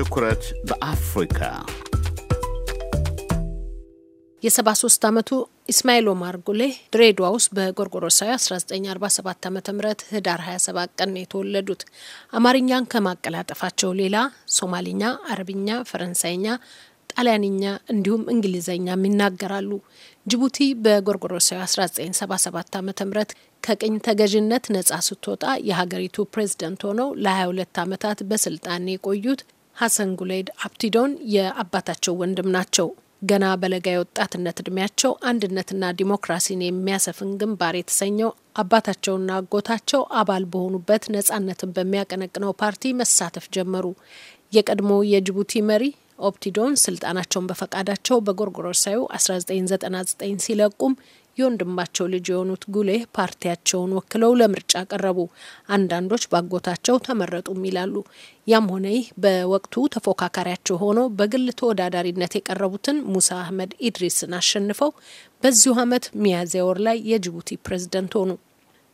ትኩረት በአፍሪካ የ73 ዓመቱ ኢስማኤል ኦማር ጉሌ ድሬዳዋ ውስጥ በጎርጎሮሳዊ 1947 ዓ ም ህዳር 27 ቀን ነው የተወለዱት። አማርኛን ከማቀላጠፋቸው ሌላ ሶማሊኛ፣ አረብኛ፣ ፈረንሳይኛ፣ ጣሊያንኛ እንዲሁም እንግሊዝኛም ይናገራሉ። ጅቡቲ በጎርጎሮሳዊ 1977 ዓ ም ከቅኝ ተገዥነት ነጻ ስትወጣ የሀገሪቱ ፕሬዝደንት ሆነው ለ22 ዓመታት በስልጣን የቆዩት ሀሰን ጉሌድ አብቲዶን የአባታቸው ወንድም ናቸው። ገና በለጋ የወጣትነት እድሜያቸው አንድነትና ዲሞክራሲን የሚያሰፍን ግንባር የተሰኘው አባታቸውና አጎታቸው አባል በሆኑበት ነጻነትን በሚያቀነቅነው ፓርቲ መሳተፍ ጀመሩ። የቀድሞ የጅቡቲ መሪ ኦፕቲዶን ስልጣናቸውን በፈቃዳቸው በጎርጎሮሳዩ 1999 ሲለቁም የወንድማቸው ልጅ የሆኑት ጉሌ ፓርቲያቸውን ወክለው ለምርጫ ቀረቡ። አንዳንዶች ባጎታቸው ተመረጡም ይላሉ። ያም ሆነ ይህ በወቅቱ ተፎካካሪያቸው ሆነው በግል ተወዳዳሪነት የቀረቡትን ሙሳ አህመድ ኢድሪስን አሸንፈው በዚሁ ዓመት ሚያዝያ ወር ላይ የጅቡቲ ፕሬዝደንት ሆኑ።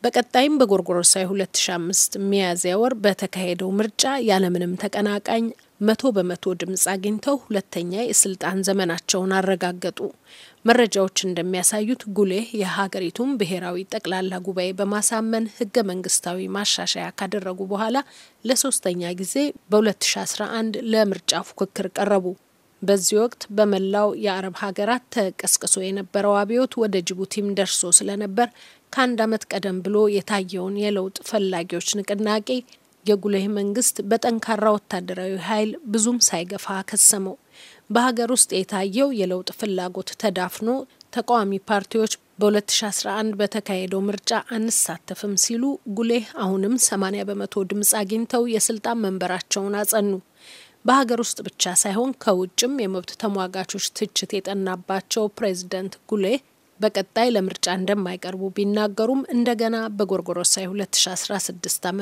በቀጣይም በጎርጎሮሳዊ 2005 ሚያዝያ ወር በተካሄደው ምርጫ ያለምንም ተቀናቃኝ መቶ በመቶ ድምፅ አግኝተው ሁለተኛ የስልጣን ዘመናቸውን አረጋገጡ። መረጃዎች እንደሚያሳዩት ጉሌህ የሀገሪቱን ብሔራዊ ጠቅላላ ጉባኤ በማሳመን ህገ መንግስታዊ ማሻሻያ ካደረጉ በኋላ ለሶስተኛ ጊዜ በ2011 ለምርጫ ፉክክር ቀረቡ። በዚህ ወቅት በመላው የአረብ ሀገራት ተቀስቅሶ የነበረው አብዮት ወደ ጅቡቲም ደርሶ ስለነበር ከአንድ ዓመት ቀደም ብሎ የታየውን የለውጥ ፈላጊዎች ንቅናቄ የጉሌህ መንግስት በጠንካራ ወታደራዊ ኃይል ብዙም ሳይገፋ ከሰመው። በሀገር ውስጥ የታየው የለውጥ ፍላጎት ተዳፍኖ ተቃዋሚ ፓርቲዎች በ2011 በተካሄደው ምርጫ አንሳተፍም ሲሉ ጉሌህ አሁንም 80 በመቶ ድምፅ አግኝተው የስልጣን መንበራቸውን አጸኑ። በሀገር ውስጥ ብቻ ሳይሆን ከውጭም የመብት ተሟጋቾች ትችት የጠናባቸው ፕሬዚደንት ጉሌህ በቀጣይ ለምርጫ እንደማይቀርቡ ቢናገሩም እንደገና በጎርጎሮሳዊ 2016 ዓ ም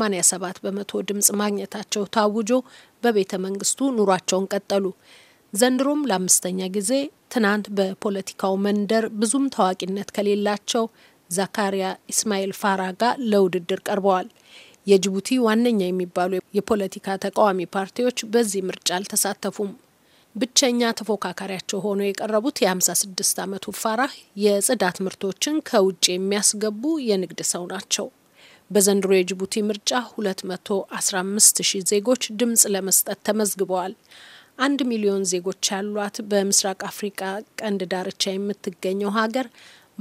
87 በመቶ ድምፅ ማግኘታቸው ታውጆ በቤተ መንግስቱ ኑሯቸውን ቀጠሉ። ዘንድሮም ለአምስተኛ ጊዜ ትናንት በፖለቲካው መንደር ብዙም ታዋቂነት ከሌላቸው ዛካሪያ ኢስማኤል ፋራ ጋር ለውድድር ቀርበዋል። የጅቡቲ ዋነኛ የሚባሉ የፖለቲካ ተቃዋሚ ፓርቲዎች በዚህ ምርጫ አልተሳተፉም። ብቸኛ ተፎካካሪያቸው ሆነው የቀረቡት የ56 ዓመቱ ፋራህ የጽዳት ምርቶችን ከውጭ የሚያስገቡ የንግድ ሰው ናቸው። በዘንድሮ የጅቡቲ ምርጫ 215 ሺህ ዜጎች ድምፅ ለመስጠት ተመዝግበዋል። አንድ ሚሊዮን ዜጎች ያሏት በምስራቅ አፍሪቃ ቀንድ ዳርቻ የምትገኘው ሀገር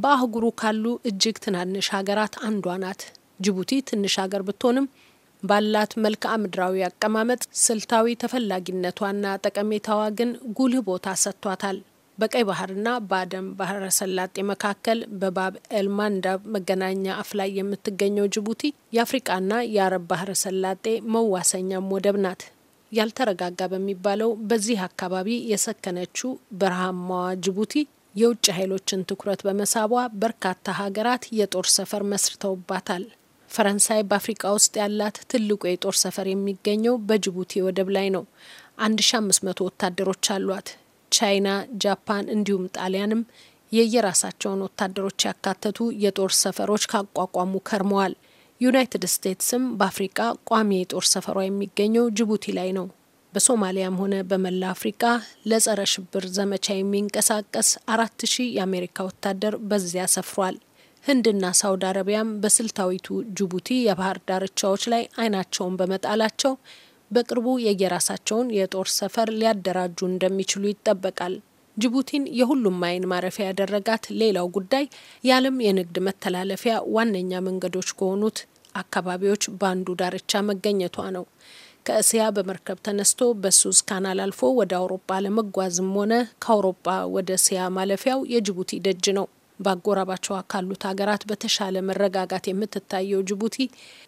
በአህጉሩ ካሉ እጅግ ትናንሽ ሀገራት አንዷ ናት። ጅቡቲ ትንሽ ሀገር ብትሆንም ባላት መልክዓ ምድራዊ አቀማመጥ ስልታዊ ተፈላጊነቷና ጠቀሜታዋ ግን ጉልህ ቦታ ሰጥቷታል። በቀይ ባህርና በአደም ባህረ ሰላጤ መካከል በባብ ኤልማንዳብ መገናኛ አፍ ላይ የምትገኘው ጅቡቲ የአፍሪቃና የአረብ ባህረ ሰላጤ መዋሰኛም ወደብ ናት። ያልተረጋጋ በሚባለው በዚህ አካባቢ የሰከነችው በረሃማዋ ጅቡቲ የውጭ ኃይሎችን ትኩረት በመሳቧ በርካታ ሀገራት የጦር ሰፈር መስርተውባታል። ፈረንሳይ በአፍሪቃ ውስጥ ያላት ትልቁ የጦር ሰፈር የሚገኘው በጅቡቲ ወደብ ላይ ነው። 1500 ወታደሮች አሏት። ቻይና፣ ጃፓን እንዲሁም ጣሊያንም የየራሳቸውን ወታደሮች ያካተቱ የጦር ሰፈሮች ካቋቋሙ ከርመዋል። ዩናይትድ ስቴትስም በአፍሪቃ ቋሚ የጦር ሰፈሯ የሚገኘው ጅቡቲ ላይ ነው። በሶማሊያም ሆነ በመላ አፍሪቃ ለጸረ ሽብር ዘመቻ የሚንቀሳቀስ አራት ሺህ የአሜሪካ ወታደር በዚያ ሰፍሯል። ህንድና ሳውዲ አረቢያም በስልታዊቱ ጅቡቲ የባህር ዳርቻዎች ላይ አይናቸውን በመጣላቸው በቅርቡ የየራሳቸውን የጦር ሰፈር ሊያደራጁ እንደሚችሉ ይጠበቃል። ጅቡቲን የሁሉም አይን ማረፊያ ያደረጋት ሌላው ጉዳይ የዓለም የንግድ መተላለፊያ ዋነኛ መንገዶች ከሆኑት አካባቢዎች በአንዱ ዳርቻ መገኘቷ ነው። ከእስያ በመርከብ ተነስቶ በሱዝ ካናል አልፎ ወደ አውሮፓ ለመጓዝም ሆነ ከአውሮፓ ወደ እስያ ማለፊያው የጅቡቲ ደጅ ነው። ባጎራባቸዋ ካሉት ሀገራት በተሻለ መረጋጋት የምትታየው ጅቡቲ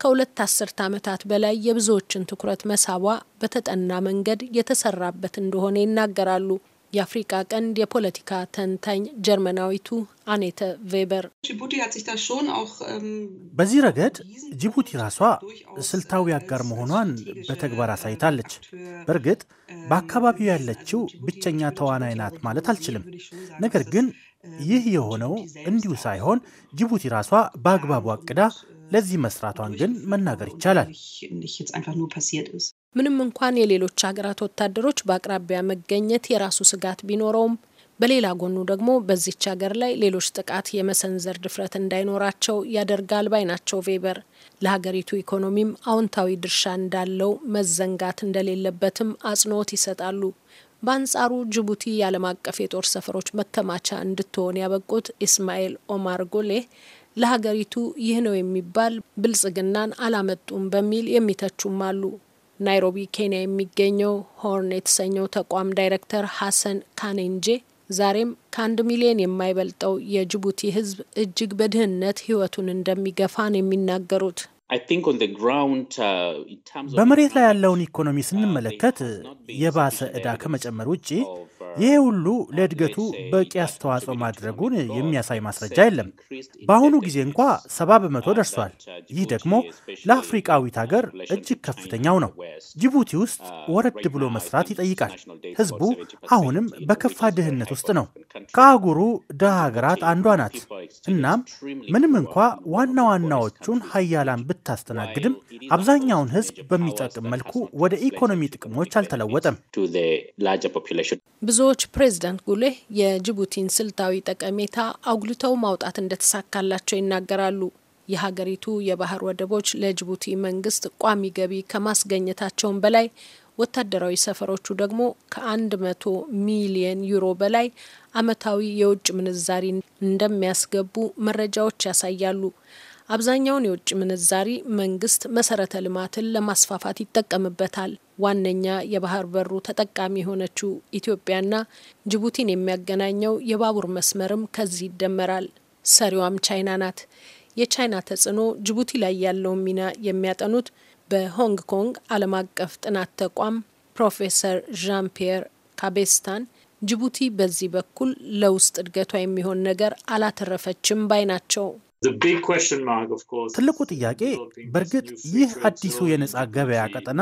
ከሁለት አስርት ዓመታት በላይ የብዙዎችን ትኩረት መሳቧ በተጠና መንገድ የተሰራበት እንደሆነ ይናገራሉ። የአፍሪቃ ቀንድ የፖለቲካ ተንታኝ ጀርመናዊቱ አኔተ ቬበር ähm, በዚህ ረገድ ጅቡቲ ራሷ ስልታዊ አጋር መሆኗን በተግባር አሳይታለች። በእርግጥ በአካባቢው ያለችው ብቸኛ ተዋናይ ናት ማለት አልችልም። ነገር ግን ይህ የሆነው እንዲሁ ሳይሆን ጅቡቲ ራሷ በአግባቡ አቅዳ ለዚህ መስራቷን ግን መናገር ይቻላል። ምንም እንኳን የሌሎች ሀገራት ወታደሮች በአቅራቢያ መገኘት የራሱ ስጋት ቢኖረውም በሌላ ጎኑ ደግሞ በዚች ሀገር ላይ ሌሎች ጥቃት የመሰንዘር ድፍረት እንዳይኖራቸው ያደርጋል ባይ ናቸው ቬበር። ለሀገሪቱ ኢኮኖሚም አዎንታዊ ድርሻ እንዳለው መዘንጋት እንደሌለበትም አጽንኦት ይሰጣሉ። በአንጻሩ ጅቡቲ የዓለም አቀፍ የጦር ሰፈሮች መከማቻ እንድትሆን ያበቁት ኢስማኤል ኦማር ጎሌ ለሀገሪቱ ይህ ነው የሚባል ብልጽግናን አላመጡም በሚል የሚተቹም አሉ። ናይሮቢ ኬንያ የሚገኘው ሆርን የተሰኘው ተቋም ዳይሬክተር ሀሰን ካኔንጄ ዛሬም ከአንድ ሚሊዮን የማይበልጠው የጅቡቲ ሕዝብ እጅግ በድህነት ሕይወቱን እንደሚገፋ ነው የሚናገሩት። Uh, በመሬት ላይ ያለውን ኢኮኖሚ uh, ስንመለከት የባሰ ዕዳ ከመጨመር ውጭ uh, ይሄ ሁሉ ለእድገቱ በቂ አስተዋጽኦ ማድረጉን የሚያሳይ ማስረጃ የለም። በአሁኑ ጊዜ እንኳ ሰባ በመቶ ደርሷል። ይህ ደግሞ ለአፍሪቃዊት ሀገር እጅግ ከፍተኛው ነው። ጅቡቲ ውስጥ ወረድ ብሎ መስራት ይጠይቃል። ህዝቡ አሁንም በከፋ ድህነት ውስጥ ነው። ከአህጉሩ ድሃ ሀገራት አንዷ ናት። እናም ምንም እንኳ ዋና ዋናዎቹን ሀያላን ብታስተናግድም አብዛኛውን ህዝብ በሚጠቅም መልኩ ወደ ኢኮኖሚ ጥቅሞች አልተለወጠም። ብዙዎች ፕሬዚዳንት ጉሌህ የጅቡቲን ስልታዊ ጠቀሜታ አጉልተው ማውጣት እንደተሳካላቸው ይናገራሉ። የሀገሪቱ የባህር ወደቦች ለጅቡቲ መንግስት ቋሚ ገቢ ከማስገኘታቸውን በላይ ወታደራዊ ሰፈሮቹ ደግሞ ከ መቶ ሚሊየን ዩሮ በላይ አመታዊ የውጭ ምንዛሪ እንደሚያስገቡ መረጃዎች ያሳያሉ። አብዛኛውን የውጭ ምንዛሪ መንግስት መሰረተ ልማትን ለማስፋፋት ይጠቀምበታል። ዋነኛ የባህር በሩ ተጠቃሚ የሆነችው ኢትዮጵያና ጅቡቲን የሚያገናኘው የባቡር መስመርም ከዚህ ይደመራል። ሰሪዋም ቻይና ናት። የቻይና ተጽዕኖ ጅቡቲ ላይ ያለውን ሚና የሚያጠኑት በሆንግ ኮንግ ዓለም አቀፍ ጥናት ተቋም ፕሮፌሰር ዣን ፒየር ካቤስታን ጅቡቲ በዚህ በኩል ለውስጥ እድገቷ የሚሆን ነገር አላተረፈችም ባይ ናቸው። ትልቁ ጥያቄ በእርግጥ ይህ አዲሱ የነፃ ገበያ ቀጠና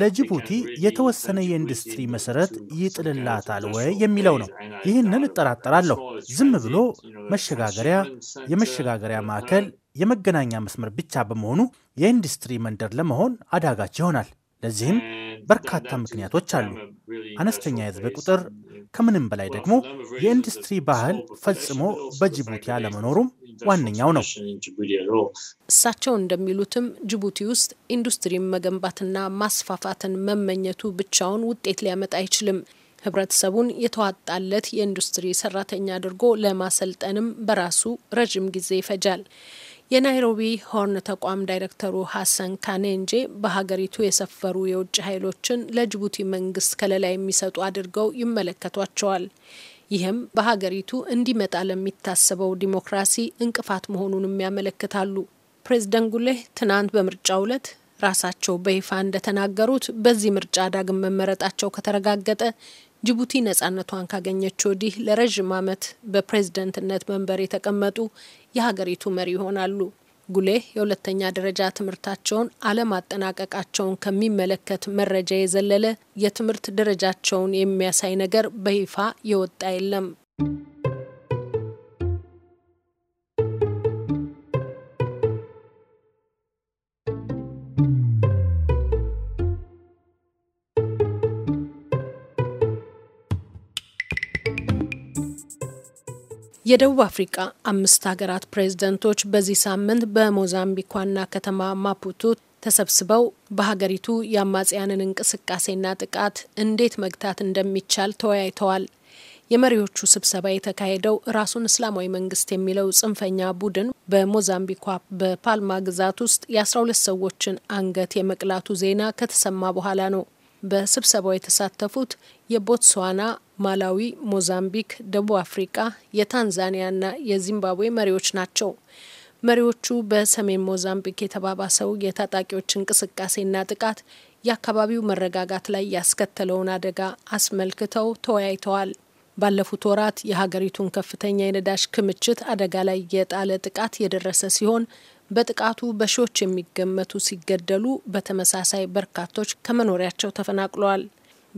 ለጅቡቲ የተወሰነ የኢንዱስትሪ መሰረት ይጥልላታል ወይ የሚለው ነው። ይህንን እጠራጠራለሁ። ዝም ብሎ መሸጋገሪያ፣ የመሸጋገሪያ ማዕከል፣ የመገናኛ መስመር ብቻ በመሆኑ የኢንዱስትሪ መንደር ለመሆን አዳጋች ይሆናል። ለዚህም በርካታ ምክንያቶች አሉ። አነስተኛ የህዝብ ቁጥር፣ ከምንም በላይ ደግሞ የኢንዱስትሪ ባህል ፈጽሞ በጅቡቲ አለመኖሩም ዋነኛው ነው። እሳቸው እንደሚሉትም ጅቡቲ ውስጥ ኢንዱስትሪን መገንባትና ማስፋፋትን መመኘቱ ብቻውን ውጤት ሊያመጣ አይችልም። ህብረተሰቡን የተዋጣለት የኢንዱስትሪ ሰራተኛ አድርጎ ለማሰልጠንም በራሱ ረዥም ጊዜ ይፈጃል። የናይሮቢ ሆርን ተቋም ዳይሬክተሩ ሀሰን ካኔንጄ በሀገሪቱ የሰፈሩ የውጭ ኃይሎችን ለጅቡቲ መንግስት ከለላ የሚሰጡ አድርገው ይመለከቷቸዋል። ይህም በሀገሪቱ እንዲመጣ ለሚታሰበው ዲሞክራሲ እንቅፋት መሆኑንም ያመለክታሉ። ፕሬዝደንት ጉሌህ ትናንት በምርጫ ዕለት ራሳቸው በይፋ እንደተናገሩት በዚህ ምርጫ ዳግም መመረጣቸው ከተረጋገጠ ጅቡቲ ነጻነቷን ካገኘች ወዲህ ለረዥም ዓመት በፕሬዝደንትነት መንበር የተቀመጡ የሀገሪቱ መሪ ይሆናሉ። ጉሌህ የሁለተኛ ደረጃ ትምህርታቸውን አለማጠናቀቃቸውን ከሚመለከት መረጃ የዘለለ የትምህርት ደረጃቸውን የሚያሳይ ነገር በይፋ የወጣ የለም። የደቡብ አፍሪካ አምስት ሀገራት ፕሬዝደንቶች በዚህ ሳምንት በሞዛምቢክ ዋና ከተማ ማፑቱ ተሰብስበው በሀገሪቱ የአማጽያንን እንቅስቃሴና ጥቃት እንዴት መግታት እንደሚቻል ተወያይተዋል። የመሪዎቹ ስብሰባ የተካሄደው ራሱን እስላማዊ መንግስት የሚለው ጽንፈኛ ቡድን በሞዛምቢኳ በፓልማ ግዛት ውስጥ የአስራ ሁለት ሰዎችን አንገት የመቅላቱ ዜና ከተሰማ በኋላ ነው። በስብሰባው የተሳተፉት የቦትስዋና ማላዊ፣ ሞዛምቢክ፣ ደቡብ አፍሪቃ፣ የታንዛኒያና የዚምባብዌ መሪዎች ናቸው። መሪዎቹ በሰሜን ሞዛምቢክ የተባባሰው የታጣቂዎች እንቅስቃሴና ጥቃት የአካባቢው መረጋጋት ላይ ያስከተለውን አደጋ አስመልክተው ተወያይተዋል። ባለፉት ወራት የሀገሪቱን ከፍተኛ የነዳጅ ክምችት አደጋ ላይ የጣለ ጥቃት የደረሰ ሲሆን በጥቃቱ በሺዎች የሚገመቱ ሲገደሉ፣ በተመሳሳይ በርካቶች ከመኖሪያቸው ተፈናቅለዋል።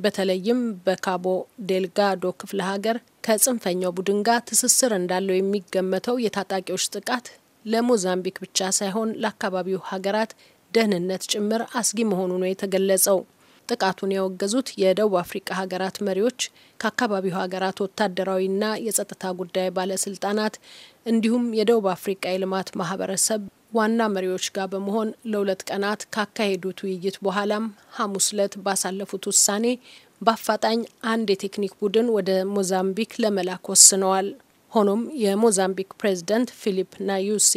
በተለይም በካቦ ዴልጋዶ ክፍለ ሀገር ከጽንፈኛው ቡድን ጋር ትስስር እንዳለው የሚገመተው የታጣቂዎች ጥቃት ለሞዛምቢክ ብቻ ሳይሆን ለአካባቢው ሀገራት ደህንነት ጭምር አስጊ መሆኑ ነው የተገለጸው። ጥቃቱን ያወገዙት የደቡብ አፍሪካ ሀገራት መሪዎች ከአካባቢው ሀገራት ወታደራዊና የጸጥታ ጉዳይ ባለስልጣናት እንዲሁም የደቡብ አፍሪካ የልማት ማህበረሰብ ዋና መሪዎች ጋር በመሆን ለሁለት ቀናት ካካሄዱት ውይይት በኋላም ሐሙስ ዕለት ባሳለፉት ውሳኔ በአፋጣኝ አንድ የቴክኒክ ቡድን ወደ ሞዛምቢክ ለመላክ ወስነዋል። ሆኖም የሞዛምቢክ ፕሬዝዳንት ፊሊፕ ናዩሲ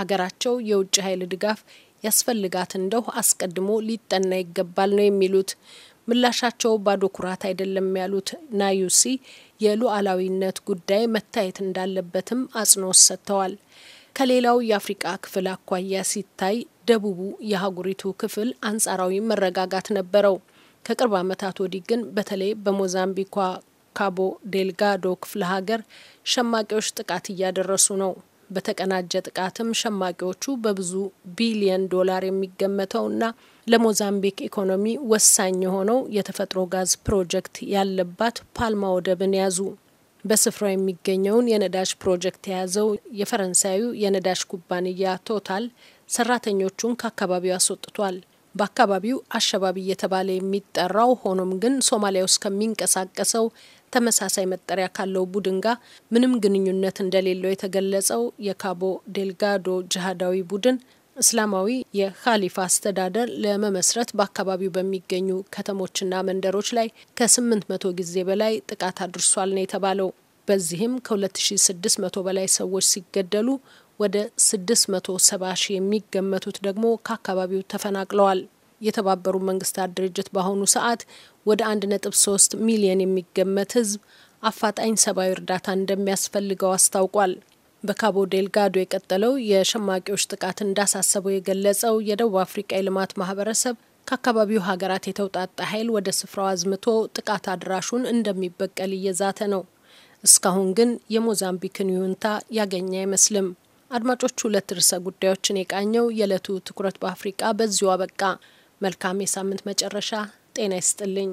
ሀገራቸው የውጭ ኃይል ድጋፍ ያስፈልጋት እንደው አስቀድሞ ሊጠና ይገባል ነው የሚሉት። ምላሻቸው ባዶ ኩራት አይደለም ያሉት ናዩሲ የሉዓላዊነት ጉዳይ መታየት እንዳለበትም አጽንኦት ሰጥተዋል። ከሌላው የአፍሪቃ ክፍል አኳያ ሲታይ ደቡቡ የሀገሪቱ ክፍል አንጻራዊ መረጋጋት ነበረው። ከቅርብ ዓመታት ወዲህ ግን በተለይ በሞዛምቢኳ ካቦ ዴልጋዶ ክፍለ ሀገር ሸማቂዎች ጥቃት እያደረሱ ነው። በተቀናጀ ጥቃትም ሸማቂዎቹ በብዙ ቢሊየን ዶላር የሚገመተውና ለሞዛምቢክ ኢኮኖሚ ወሳኝ የሆነው የተፈጥሮ ጋዝ ፕሮጀክት ያለባት ፓልማ ወደብን ያዙ። በስፍራው የሚገኘውን የነዳጅ ፕሮጀክት የያዘው የፈረንሳዩ የነዳጅ ኩባንያ ቶታል ሰራተኞቹን ከአካባቢው አስወጥቷል። በአካባቢው አሸባቢ እየተባለ የሚጠራው ሆኖም ግን ሶማሊያ ውስጥ ከሚንቀሳቀሰው ተመሳሳይ መጠሪያ ካለው ቡድን ጋር ምንም ግንኙነት እንደሌለው የተገለጸው የካቦ ዴልጋዶ ጅሃዳዊ ቡድን እስላማዊ የካሊፋ አስተዳደር ለመመስረት በአካባቢው በሚገኙ ከተሞችና መንደሮች ላይ ከ መቶ ጊዜ በላይ ጥቃት አድርሷል ነው የተባለው። በዚህም ከ2600 በላይ ሰዎች ሲገደሉ ወደ 670 ሺህ የሚገመቱት ደግሞ ከአካባቢው ተፈናቅለዋል። የተባበሩ መንግስታት ድርጅት በአሁኑ ሰዓት ወደ 1.3 ሚሊየን የሚገመት ህዝብ አፋጣኝ ሰብአዊ እርዳታ እንደሚያስፈልገው አስታውቋል። በካቦ ዴልጋዶ የቀጠለው የሸማቂዎች ጥቃት እንዳሳሰበው የገለጸው የደቡብ አፍሪቃ የልማት ማህበረሰብ ከአካባቢው ሀገራት የተውጣጣ ኃይል ወደ ስፍራው አዝምቶ ጥቃት አድራሹን እንደሚበቀል እየዛተ ነው። እስካሁን ግን የሞዛምቢክን ይሁንታ ያገኘ አይመስልም። አድማጮቹ ሁለት ርዕሰ ጉዳዮችን የቃኘው የዕለቱ ትኩረት በአፍሪቃ በዚሁ አበቃ። መልካም የሳምንት መጨረሻ። ጤና ይስጥልኝ።